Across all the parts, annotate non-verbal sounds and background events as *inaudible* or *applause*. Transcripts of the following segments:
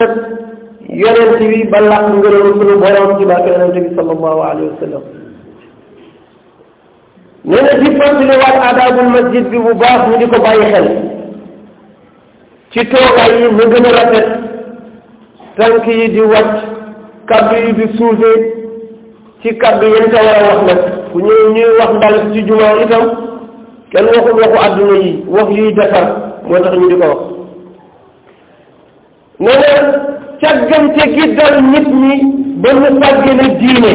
yonent bi ba làkk ngërëmu sunu borom ci barke yonent bi sallallahu adaabul masjid bi bu baax ñu di ko bàyyi xel ci toogaay yi mu gën a tànk yi di wàcc kaddu yi di suufee ci kaddu yéen ca war a wax nag bu ñëw ñuy wax ndal ci jumaa itam kenn waxul waxu àdduna yi wax yuy defar moo tax ñu di ko wax ne na càggante gi dal nit ñi ba ñu sàggane diine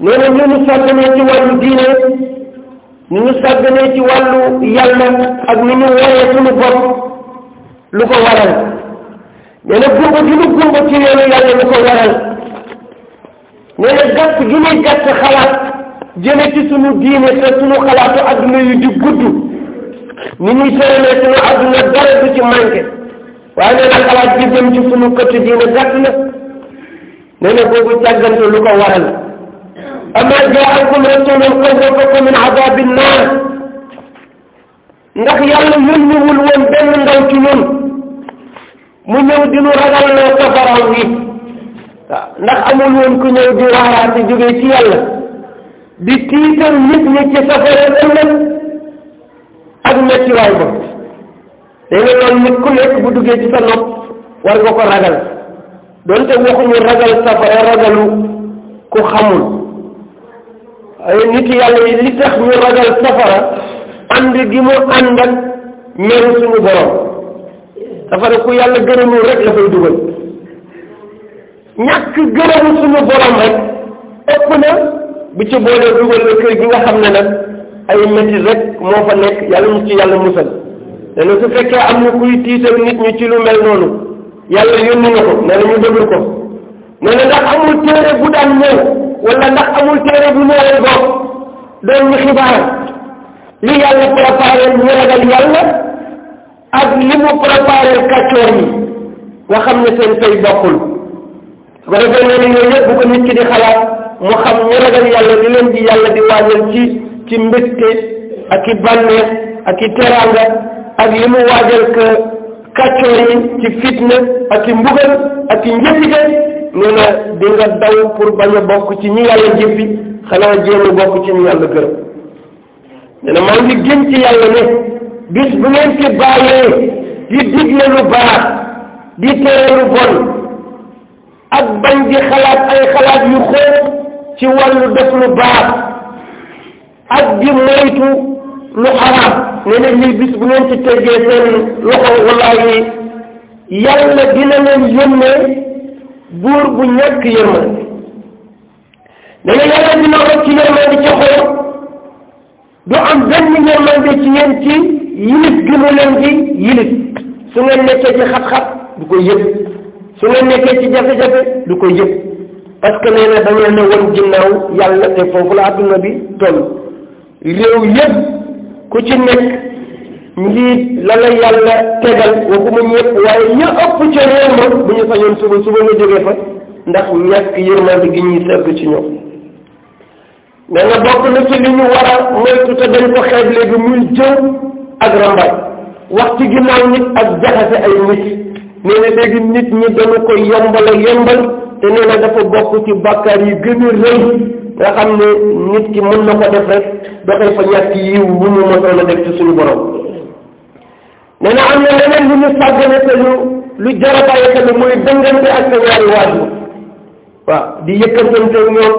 nee na ñu ñu sàgganee ci wàllu diine ñu ñu sàgganee ci wàllu yàlla ak ni ñu waree suñu bopp lu ko waral nee na gumba gi ñu ci yàlla lu ko waral nee na gàtt gi ñuy gàtt xalaat jële ci suñu diine te suñu xalaatu adduna yu di gudd ni ñuy tëralee suñu adduna dara du ci manqué waaye nee na xalaat bi jëm ci sunu këttu diine gàtt na nee na boobu càggante lu ko waral amma jaakum rasulun qad wafakum min adabi nnaar ndax yàlla yónniwul woon benn ndaw mu ñëw di nu ragal loo safaraw wi waaw ndax amul ku ñëw di waaraate jógee ci yàlla tiital nit ñi ci safara ëllëg ak méttiwaay ba day na nit ku nekk bu duggee ci sa nopp war nga ko ragal donte waxuñu ragal safara ragalu ku xamul ay nit yàlla yi li tax ñu ragal safara ànd gi mu ànd ak meru borom safara ku yàlla gërëmul rek la fay dugal ñàkk gërëmu suñu borom rek ëpp na bu ci boolee dugal la kër gi nga xam ne nag ay métti rek moo fa nekk yàlla mu ci yàlla musal nee na su fekkee am na kuy tiital nit ñi ci lu mel noonu yàlla yónni ko nee na ñu ko nee na ndax amul téere bu daan ñëw wala ndax amul téere bu ñëwee boog doon ñu xibaar li yàlla préparé ñu ragal yàlla ak li mu préparé kàccoor yi nga xam ne seen fay bokkul su ko defee nee na yëpp ko nit ki di xalaat mu xam ñu ragal yàlla di leen di yàlla di waajal ci ci mbégte ak i bànneex ak i teraanga ak li mu waajal que kàccoor yi ci fitna ak ci daw pour bañ a bokk ci ñi yàlla jëppi xanaa jéem a bokk ci ñu yàlla gërëm nee ci yàlla ne bis bu di digle lu di tere lu ak bañ di ay xalaat yu ci wàllu def lu ak di moytu lu xaraam nee na lii bis bu ngeen ci teggee seen loxo wallaahi yàlla dina leen yónnee buur bu ñàkk yërmande nee na yàlla dina rocc yërmande ca xol du am benn yërmande ci yéen ci yilif gi mu leen di yilif su ngeen nekkee ci xat-xat du ko yëg su ngeen nekkee ci jafe-jafe du ko yëg parce nee na dañu leen a ginnaaw yàlla te foofu la adduna bi toll yëpp ku ci nekk njiit la la yàlla tegal waxuma ñëpp waaye ña ëpp ca réew ma bu ñu sañoon suba suba nga jógee fa ndax ñàkk yërmande gi ñuy segg ci ñoom nee na bokk na ci li ñu war a moytu te dañ ko xeeb léegi muy jëw ak rambaaj wax ci ginnaaw nit ak jaxase ay nit nee léegi nit ñi dañu ko yombal ak yombal te nee dafa bokk ci bàkkaar yi gën rëy nga xam ne nit ki mën na ko def rek doxee fa ñàkk yiw bu ñu mënoon a def ci suñu borom nee na am na leneen lu ñu sàggane te lu lu jar a dëngante ak sa waajur waaw di yëkkantante ñoom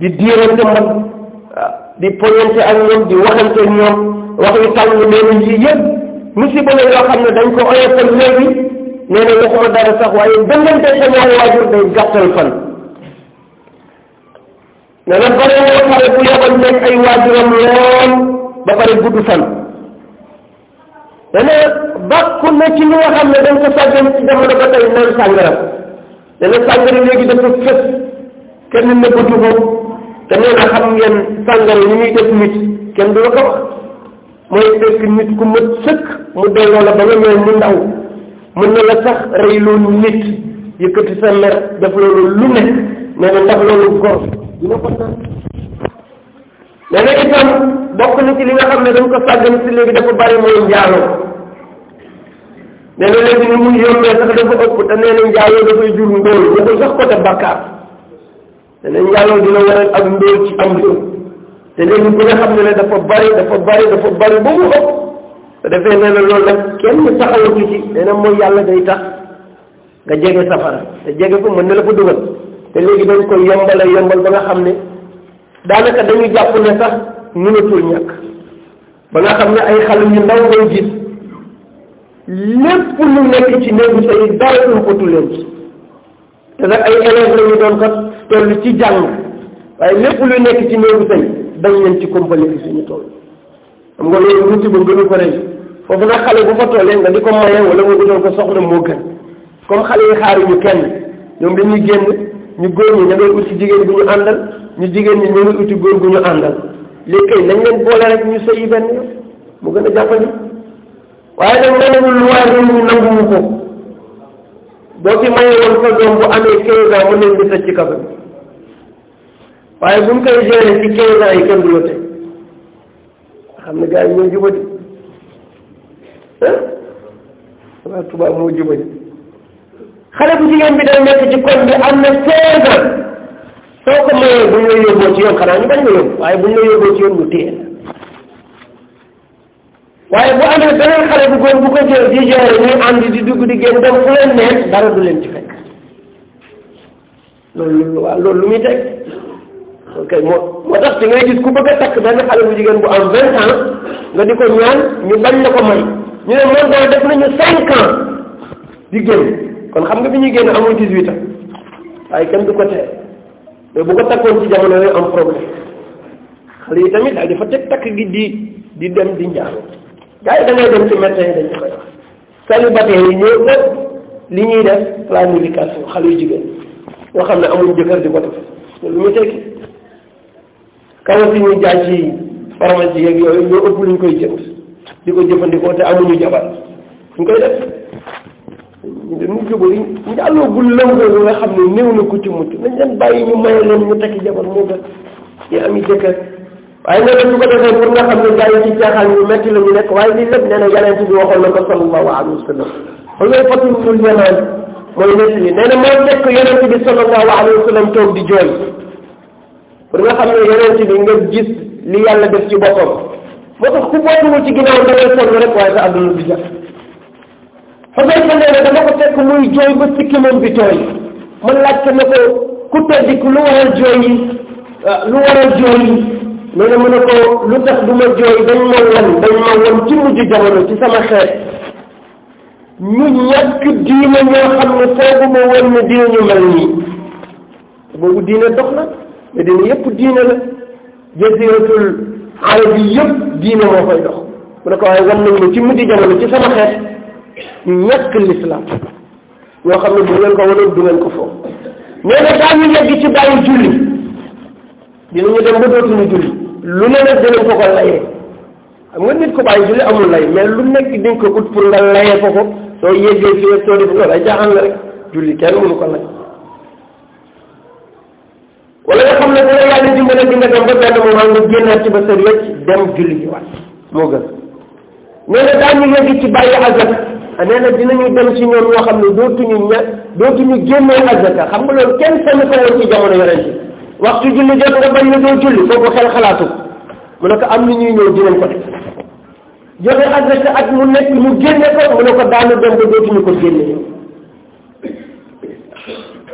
di diirante man waaw di poñante ak ñoom di waxante ñoom wax tàng leen yi yëpp musiba la yoo xam ne dañ ko oyofal léegi nee na waxuma dara sax waaye dëngante sa waajur day gàttal fan ne na bare na pare bu yabal ay waajuram lool ba pare gudd fan dana bàkku na ci li nga xam ne dañ ko sàggan ci jamono ba tey naan sàngara dana sàngara léegi dafa fës kenn nëbbatu ko te nee na xam ngeen sàngara ni ñuy def nit kenn du la ko mooy fekk nit ku mët sëkk mu delloo la ba nga mel ni ndaw mën na la sax rey loolu nit yëkkati sa mer def loolu lu nekk nee na loolu góor dina ko naan léeg itam bokk na ci li nga xam ne dañ ko sàggan si léegi dafa bari mooy njaaloo nee na léegi ni muy yombee sax dafa ëpp te nee na njaaloo dafay jur na njaaloo dina waral ak ndóol ci am réew te léegi bi nga xam ne ne dafa bari dafa bari dafa bari ba mu ëpp te defee nee na loolu nag kenn taxawatu ci nee na mooy yàlla day tax nga jege safara te jege ko mën na la ko dugal te léegi dañ koy a yombal ba nga xam ne daanaka dañu jàpp ne sax mënatul ñàkk ba nga xam ne ay xale ñu ndaw ngay gis lépp lu nekk ci néegu say dara umpatu leen ci te nag ay élèves toll ci jàng waaye ci néegu say dañ leen nga loolu musiba gënu ko rëy foofu nag xale bu fa tollee nga di ko maye wala nga doon ko soxla moo gën comme xale yi xaaruñu kenn ñoom dañuy génn ñu góor ñi na ngay uti jigéen bu ñu àndal ñu jigéen ñi ñu ngi uti góor bu ñu àndal léegi kay nañ leen boole rek ñu sëyi benn yoon mu gën a jàppandi waaye nag may nañu loi réew mi nanguwu ko boo fi maye woon sa doom bu amee quinze ans mën nañ di tëj kafe bi waaye bu mu koy gérer ci quinze ans yi kenn du la tëj xam ne gars yi ñoo jubadi ah waa tubaab moo jubadi xale bu jigéen bi day nekk ci koñ bi am na seize soo ko mayee bu ñu la yóbboo ci yoon xanaa ñu bañ la yóbbu waaye bu ñu la yóbboo ci yoon bu téye waaye bu amee beneen xale bu góor bu ko jël di gérer ñuy ànd di dugg di génn dem fu leen neex dara du leen ci fekk loolu lu muy teg ok moo moo tax di gis ku bëgg a takk benn xale bu jigéen bu am vingt ans nga di ko ñaan ñu bañ la ko may ñu ne moom daal def nañu cinq di génn kon xam nga bi ñuy génn amul 18 waaye kenn du ko tee mais bu ko takkoon ci jamono yooyu am problème xale yi tamit daal dafa teg takk gi di di dem di njaaru gars yi da ngay dem ci médecin yi dañu koy wax célibataire yi ñëw ëpp li ñuy def planification xale yu jigéen yoo xam ne amuñ jëkkër di ko def lu muy tekki kawas yi ñuy jaay ci pharmacie yeeg ñoo ëpp lu koy jënd di ko jëfandikoo te amuñu jabar ñu koy def ñu mu jubal njàllogul lëngoo nga xam ne néew na ku ci mucc nañ leen bàyyi ñu maye leen ñu tekki jabar moo gën yi am i jëkkër waaye nee na su ko defee pour nga xam ne gars yi ci caaxaan yu metti la ñu nekk waaye lii lépp nee na yonent bi waxoon na ko sallallahu alayhi wa sallam xulay fatul yamaan mooy nett li na moo bi di jooy pour nga xam ne yonent bi gis li yàlla def ci boppam moo tax ku boorwul ci ginnaaw da ngay sonn rek waaye sa àdduna bi jàpp xusay fa nee na dama ko fekk muy jooy ba sikkimam bi tooy man laajte na ko ku teddik lu waral jooy yi ah, lu waral jooy yi nee na mu ne ko lu tax du jooy dañ ma won dañ ma won ci mujj jamono ci sama xeet ñu ñàkk diine ñoo xam ne foogu ma woon ne dina ñu mel nii boobu diine dox na mais dina yëpp diine la jasiratul arab yi yëpp diine moo fay dox mu ne ko waaye wan nañ ma ci mujj jamono ci sama xeet ñu ñàkk lislaam ñoo xam ne bu ngeen ko wanoon du ngeen ko foofu nee na daa ñu yegg ci bàyyi julli dinañu dem ba dootuñu julli lu ne nag dinañ ko ko layee xam nga nit ko bàyyi julli amul lay mais lu nekk dinga ko ut pour nga layee ko ko soo yeggee fii ak soo def loolu ay jaaxal na rek julli kenn mënu ko lay wala nga xam ne bu la yàlla dimbale di nga dem ba benn moment nga génnaat ci ba sa wécc dem julli ji moo gën nee na daa ñu ci bàyyi azak nee na dinañu dem ci ñoom ñoo xam ne dootuñu ña dootuñu génnee azaka xam nga loolu kenn sànni ko woon ci jamono yonent yi waxtu julli jot nga bañ ne doo julli foofu xel xalaatu mu ne am ni ñuy ñëw dinañ ko def joxe azaka at mu ne mu génne ko mu ne ko daanu dem ba dootuñu ko génne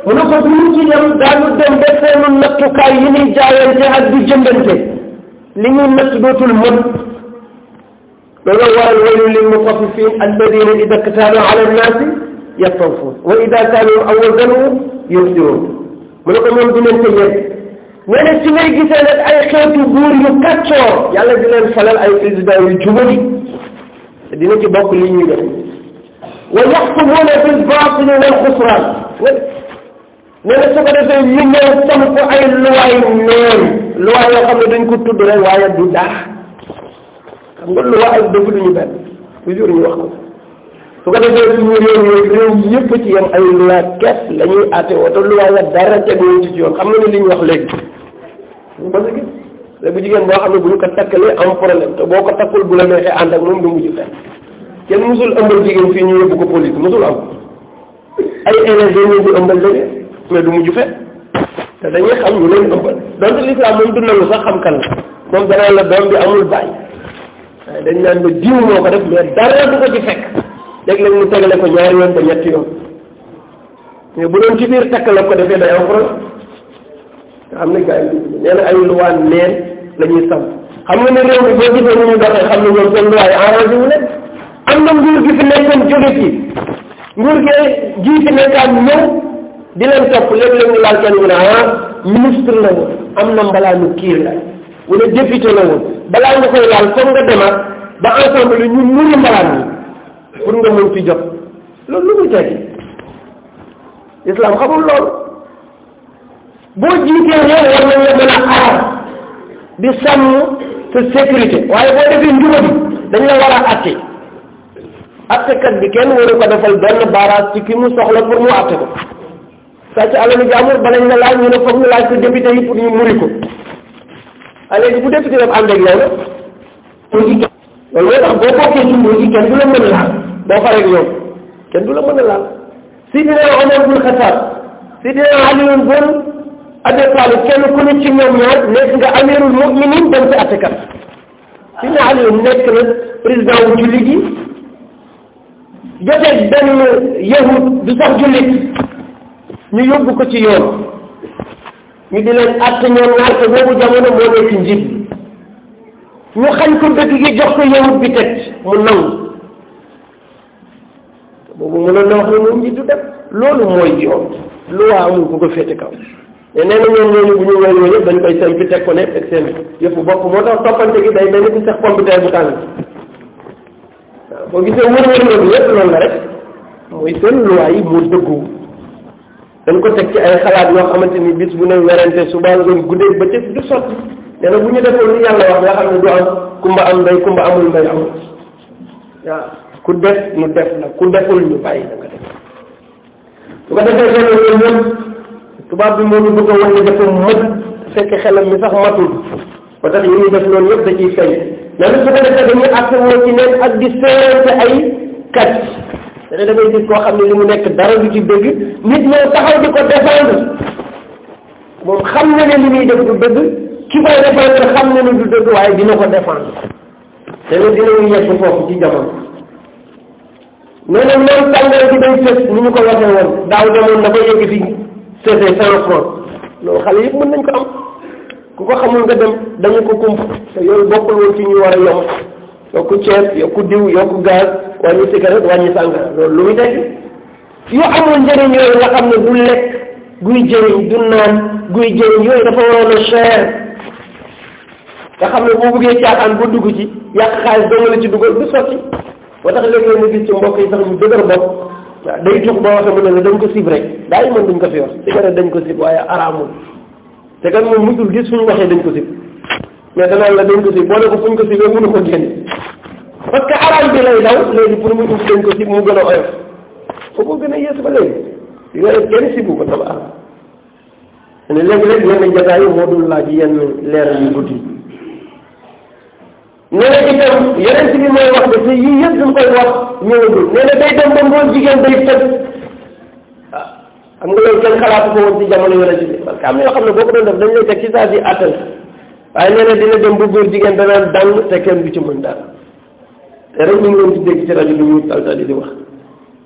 mu ne ko bu ñu ci dem daanu dem ba seenu nattukaay yi ñuy jaayante ak du jëndante li ñuy natt dootul mën looloo waral a lil mutaffifin alladina ida ktaalu ala annaasi yastanfun wa ida kaalu aw wazanuhu mu ne ko ñoom di leen tëjee ci ngay gisee nag ay xeetu buur yu kàccoor yàlla di leen falal ay président yu jubali dina ci bokk li ñuy def wa yaxsubuna bil baatili wal na su ko defee ñu ñëw samp ay luwaay neen luwaay yoo dañ ko tudd rek waaye ngën lu wax ak dëgg duñu benn toujours ñu wax ko su ko defee suñu réew yi réew yëpp ci yam ay loi kees la ñuy àtte woo te loi la dara teguñu ci yoon xam nga ne li ñu wax léegi parce que te bu jigéen boo xam ne bu ñu ko takkalee am problème te boo ko takkul bu la neexee ànd ak moom du mujj fenn kenn musul ëmbal jigéen fii ñu yóbbu ko police musul am ay élèves yi ñu di ëmbal dëgg mais du mujj fenn te dañuy xam ñu leen ëmbal donte l'islam moom du la amul bàyyi waaye dañ naan ba diw moo ko def mais dara du ko ci fekk léeg-léeg mu tegale ko ñaari yoon ba ñetti yoon mais bu doon ci biir takk la ko defee day am problème xam ne gars na ay luwaan neen la ñuy sàmm xam réew mi boo gisee ni ñu doxee xam ne ñoom seen luwaay arrangé wu leen am na nguur gi fi nekkoon jóge ci nguur gi jii fi nekkaat ñëw di leen topp léeg-léeg ñu laal kenn mu ne ah ministre la woon am na mbalaanu kiir la wala député la woon balaa nga koy laal foog nga demaat ba ensemble ñu nuru mbalaan yi pour nga mën ci jot loolu lu muy tekki islam xamul loolu boo jiitee réew war nañ la mën a aar di sàmm sa sécurité waaye boo defee njubam dañ la war a atte attekat bi kenn waru ko defal benn baaraas ci ki mu soxla pour mu atte ko sàcc alalu jàmbur balañ la laaj ñu ne foog ñu laaj ko député yi pour ñu muri ko Ah, léegi bu député def ànd ak yow politique loolu mooy tax boo bokkee ci politique kenn du la mën a laal boo faree ak yow kenn du la mën a laal Sidina Omar bun Xataab Sidina Aliyun bun Abi kenn ku ne ci ñoom ñaar nekk nga amirul muminin dem ci attekat Sidina Aliyun nekk na président wu jullit jotee benn yahud du sax jullit ñu yóbbu ko ci yoon ñu di leen att ñoom ñaar te boobu jamono moo nekk njiit ñu xañ ko dëkk gi jox ko yawut bi teg mu nangu boobu mënoon na wax ne moom njiit du def loolu mooy yoon lu amul ku ko féete kaw te nee na ñoom ñooñu bu ñu wéy wéy yëpp dañ koy seen fi teg ko ne teg seen yëpp bopp moo tax toppante gi day mel ni ku sax computer bu tàng waaw boo gisee wër-wër nga bi yëpp la rek mooy seen loi yi mu dëggu dañ ko teg ci ay xalaat yoo xamante ni bis bu ne werante suba ngoon guddee ba teg du sotti nee bu ñu defee li yàlla wax nga xam ne du am kumba am ndey kumba amul ndey amul waaw ku def ñu def la ku deful ñu bàyyi su ko defee tubaab bi moo xelam mi sax matul ba tax yi ñuy def loolu yëpp da ciy feeñ mais su ko defee dañuy àtte ci neen ak di seerante ay kat te da ngay gis koo xam ne li mu nekk dara du ci dëgg nit ñëw taxaw di ko défendre moom xam na ne li muy def du dëgg ki koy défendre xam na ne du dëgg waaye dina ko défendre te ne dinañu yegg foofu ci jamono. nee na loolu tàngoor bi day fës ni ñu ko waxee woon daaw demoon dafa yëg fi seetee cinq francs loolu xale yëpp mën nañ ko am ku ko xamul nga dem dañu ko kump te yooyu bokkul woon ci ñu war a yomb. yokku ceeb yokk diw yokku gaz wàññi cigarette wàññi sàngara loolu lu muy dégg yu amul njëriñ yooyu nga xam ne du lekk guy jëriñ du naan guy jëriñ yooyu dafa waroon a cher nga xam ne boo bëggee caaxaan ba dugg ci yàq xaalis doo la ci dugal du sotti ba tax léeg-léeg gis ci mbokk yi sax ñu dëgër bopp waaw day jux boo waxee mu ne la dañ ko sib rek daa yi mën duñ ko fi wax cigarette dañ ko sib waaye araamul te kan moom musul gis ñu waxee dañ ko sib mais danoonu la dañ ko si boo ne ko fu ñu ko si ba mënu ko génn parce que araam bi lay daw léegi pour mu uf dañ ko si mu gën a oyof foo ko gën a yees ba léegi yooyu si bu ko tabax ne léeg-léeg day dem ba ngoon jigéen day tëb ah xam nga loolu kenn xalaatu ko woon si jamono yeneen si bi parce am na yoo xam ne boo ko def dañ lay teg ci saa ay nee na dina dem ba góor jigéen danaan dàng te ci mën dara te rek di dégg ci rajo bi tal tal di wax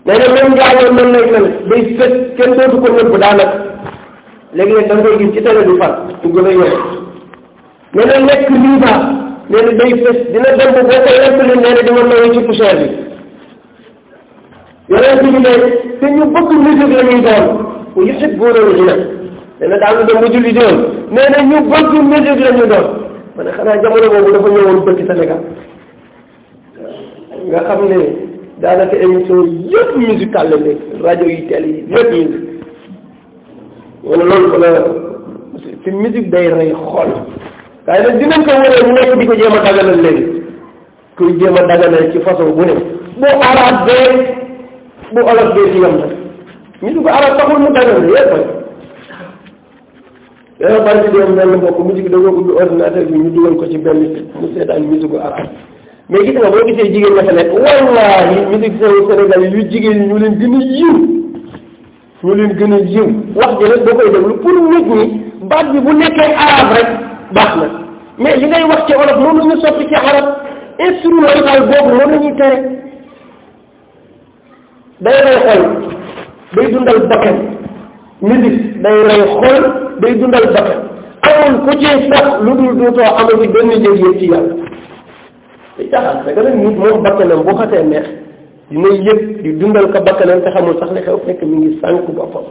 nee na même njaaloo nan lay mel kenn dootu ko nëbb daanaka léegi-léeg da nga gis ci télé bi far du gën a yore nee na lekk riba nee na day fës dina dem ba boo ko lekkalee nee na dina nawee ci poussière bi yonent bi ne te ñu bëgg musique la ñuy doon bu yëpp góor a dana daanu dem ba julli doon nee ñu bëgg musique la doon ma ne xanaa jamono boobu dafa ñëwoon bëgg Sénégal nga xam ne daanaka émission yëpp musical la léegi rajo yi télé yi yëpp musique loolu ko la ci day rey xol waaye dinañ ko wëree nekk di ko jéem a léegi kuy jéem a ci façon bu ne bu arab bee bu olof bee ci yam nag ñu du ko arab taxul mu daganal yëpp yow barki doom benn mbokk musique da nga ordinateur bi ñu dugal ko ci benn mu seetaan musique arab mais gis nga boo gisee jigéen ña fa nekk wallaahi musique Sénégal yu jigéen ñi ñu leen gën a yiw ñu leen gën a yiw wax ji rek da koy déglu pour nit ñi baat bi bu nekkee arab rek baax na mais li ngay wax ci wolof moom la ñu soppi ci arab instrumental boobu moom la tere day day xool day dundal bakkan musique day rey xol day dundal bakkan amul ku ci sax lu dul duutoo amati benn njëriñ ci yàlla li taxal c'est que nag nit moom bakkanam neex dina yëg di dundal ko bakkanam te sax li xew fekk mi ngi sànq boppam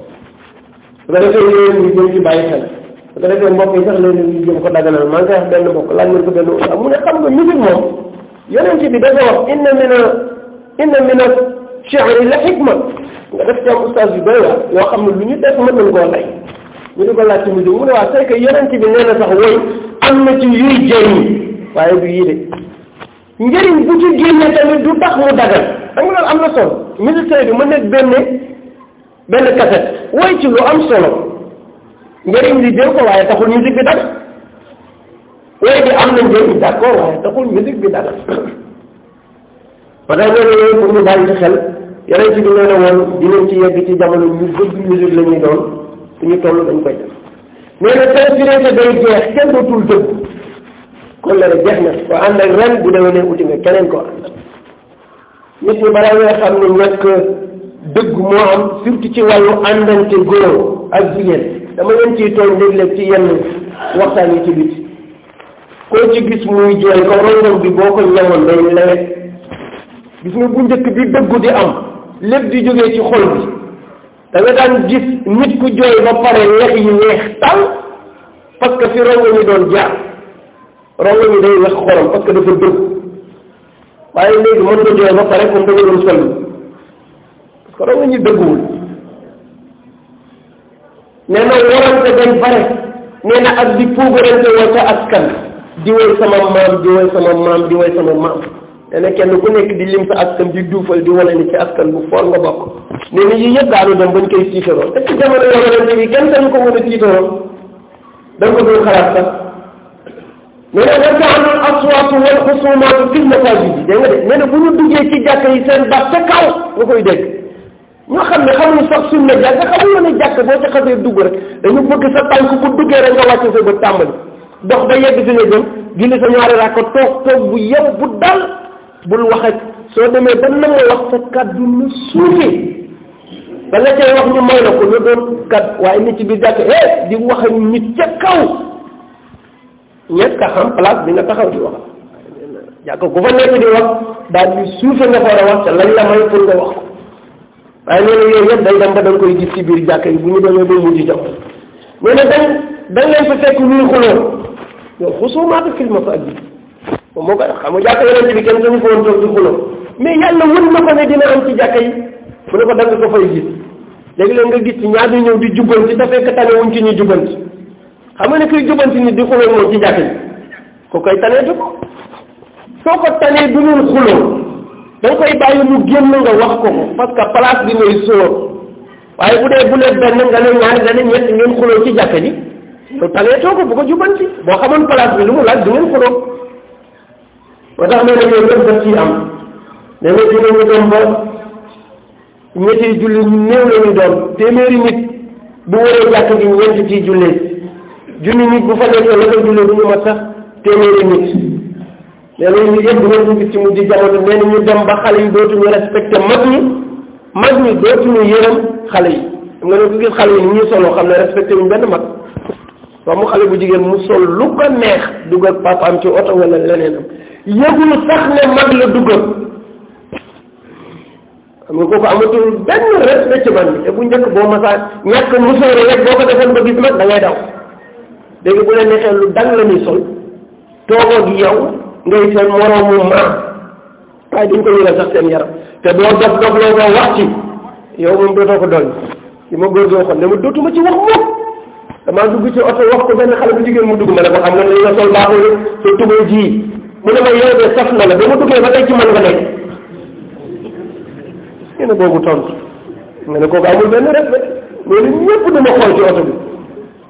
su ko defee yooyu ñu jëm ci bàyyi xel su ko defee mbokk yi sax ko benn mbokk laaj mu ne xam nga musique moom yonent bi dafa wax inna mina inna mina shi'ri la xikma nga def ci ustaas yu doy waar yoo xam ne lu ñu def mën nañ koo lay ñu di ko laaj ci mujj mu ne waa c'est que yonent na sax woy am na ci waaye du yii de njëriñ bu ci génne tamit du tax mu dagal xam nga loolu am na solo militaire bi ma nekk benn benn kaset woy ci lu am solo njëriñ li jël ko waaye taxul musique bi dagal woy bi am na njëriñ d'accord waaye taxul musique bi dagal *coughs* ba tax nga ne pour mu daal di xel yonent bi nee na woon dinañ ci yegg ci jamono ñu bëgg mesure la ñuy doon suñu toll dañ koy def nee na sincérité day jeex kenn dootul dëgg kon la jeex na ko ànd ak moo am ci wàllu àndante góor ak jigéen dama leen ciy toll léeg-léeg koo ci gis muy jooy ko bi boo ko ñawoon day lewet gis nga bu njëkk bi dëggu di am lépp di jógee ci xol bi da nga daan gis nit ku jooy ba pare lex yi weex tal parce fi rongo doon jaar rongo day wex xolam parce dafa dëgg waaye léegi mën nga jooy ba pare comme da nga doon sol parce que rongo dëgguwul nee na warante day bare nee na ak di puugarante woo sa askan di sama maam di sama maam di sama maam nee na kenn ku nekk di lim sa askan di duufal di wane ni ci askan bu foor nga bokk nee yii yëpp daanu dem bañ koy tiitaroo est-ce que jamono yoo xamante ni kenn dañu a bu ñu duggee ci jàkk yi seen baat kaw nga koy dégg ñoo xam ne xamuñu sax sunna jàkk xamuñu ne jàkk boo ca xasee dugg rek dañu bëgg sa tànk ku duggee rek nga wàcce sa bët tàmbali dox ba yegg fi jëm julli sa ñaari rakk toog toog bu yem bu dal bul wax ak soo demee ba na ma wax sa kàddu lu suufee ba nga cay wax ñu may la ko lu doon kat waaye nit ci biir jàkk eh di wax a nit ca kaw ñett a xam place bi nga taxaw di wax jàkk ku fa nekk di wax daal di suufe nga fa war a wax ca lañ la may pour nga wax ko waaye nee na yooyu yëpp day dem ba da koy gis ci biir jàkk yi bu ñu demee ba mujj jàpp nee na dañ dañ leen fa fekk ñuy xuloo yow xusumaatu film fa ak bi moom moo koy wax xam nga jàkka yonent bi kenn dañu ko woon di xuloo mais yàlla wën na ko ne dina am ci jàkka yi mu ne ko da nga ko fay gis léegi-léeg nga gis ñaar ñëw di jubbanti te fekk tane wuñ ci ñu jubbanti ne kuy jubbanti nit di xuloo moom ci jàkka yi ko koy taneetu ko soo ko tanee du ngeen xuloo da nga koy bàyyi mu génn nga wax ko ko parce que place bi ngay sóor waaye bu dee bu ne benn nga ne ñaari nga ne ñett ngeen xuloo ci jàkka ji te taneetoo ko bu ko jubbanti boo xamoon place bi lu mu laaj du ngeen xuloo ba tax na nag yooyu daf ciy am nee na dinañu dem ba ñetti julli ñu néew la ñu doon téeméeri nit bu wëree jàkk gi ñeent ciy jullee junni nit bu fa nekkee la koy jullee du ñu mat sax téeméeri nit nee na ñu yëpp ngeen ko gis ci mujj jamono nee na ñu dem ba xale yi dootuñu respecté mag ñi mag ñi dootuñu yërëm xale yi xam nga ne ku gis xale yi ni ñuy solo xam ne respecté wuñ benn mag doomu xale bu jigéen mu sol lu ko neex dugal papaam ci oto wala leneenam yëgul sax ne mag la dugal xam nga kooku amatul benn respect man bi te bu njëkk boo masaan ñàkk musóore rek boo ko defoon ba gis mag da daw léegi bu la neexee lu dang la sol toogoo gi yow ngay seen moroomu maam waaye dañ ko yëgal sax seen yaram te doo dof dof loo ko wax ci yow moom dootoo ko doon li ma góor gi waxoon ne ma dootuma ci wax moom damaa dugg ci oto wax ko benn xale bu jigéen mu dugg ma ne ko xam nga li nga sol baaxul sa tubay ji mu ne ma yow de saf na la ba mu duggee ba tey ci man nga nekk ñu ne boobu tontu nga ne kooku amul benn respect loolu ñëpp du ma xool ci oto bi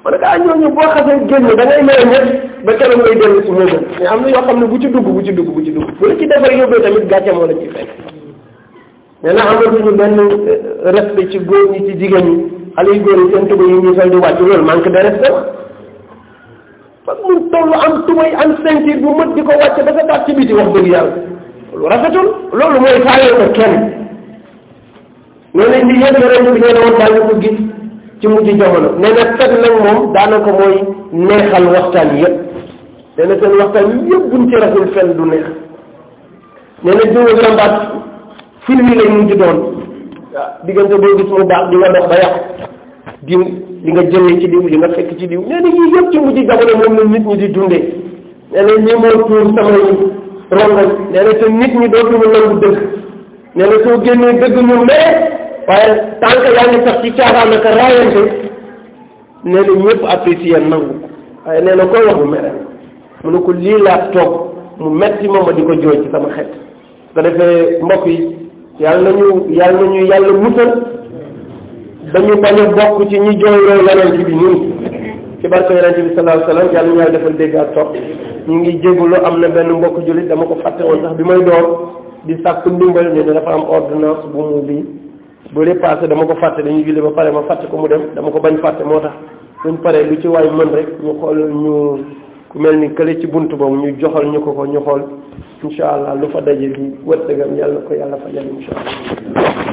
ma ne ko ah boo xasee génn da ngay mere ñëpp ba keroog ngay dellu si am na yoo xam ne bu ci dugg bu ci dugg bu ci dugg bu la ci defar yóbbee tamit gàcce moo la ci fekk mais na amatuñu benn euh, respect ci góor ñi ci jigéen ñi xale yu góor yi seen tuba yi ñuy sol di wàcc loolu manque de respect parce mu toll am tubay am ceinture bu mën di ko wàcc dafa tax ci biti wax dëgg yàlla lu rafetul loolu mooy faale ko kenn nee li yéen yore bi nee na woon ko gis ci mujj jamono nee na fet nag moom daanaka mooy neexal waxtaan yépp nee seen waxtaan yépp buñ ci rafetlu fenn du neex nee na jiw lambaat film yi lañ doon. diggante boo gis mu baax di nga dox ba yàq diw li nga jëlee ci diw li nga fekk ci diw nee na yii ci mujj jamono moom la nit ñi di dundee nee na ñi moo tuur samay rongoñ nee na te nit ñi dootuñu nangu dëgg nee soo génnee dëgg ñu mee waaye tant yaa ngi sax ci caaxaan ak raayante nee na ñëpp apprécié nangu waaye nee na koy mere mu ne ko lii laa toog mu metti ma ma di ko jooy ci sama xet su defee mbokk yi yàlla na yàlla nañu yàlla musal dañu bañ a bokk ci ñi jooyloo yonent bi ñun ci barke yonent bi salaa alayhi yàlla ñu yàlla defal dégg ak topp ñu ngi jégalu am na benn mbokk jullit dama ko fàtte woon sax bi may door di sàkk ndimbal ñu ne dafa am ordonnance bu mu bi bu dee passé dama ko fàtte dañuy julli ba pare ma fàtte ko mu dem dama ko bañ fàtte moo tax buñ paree lu ci waay mën rek ñu xool ñu ku mel ni kële ci bunt boobu ñuy joxal ñu ko ko ñu xool incha allah lu fa daje bi wërsëgam yàlla ko yàlla fajal incha allah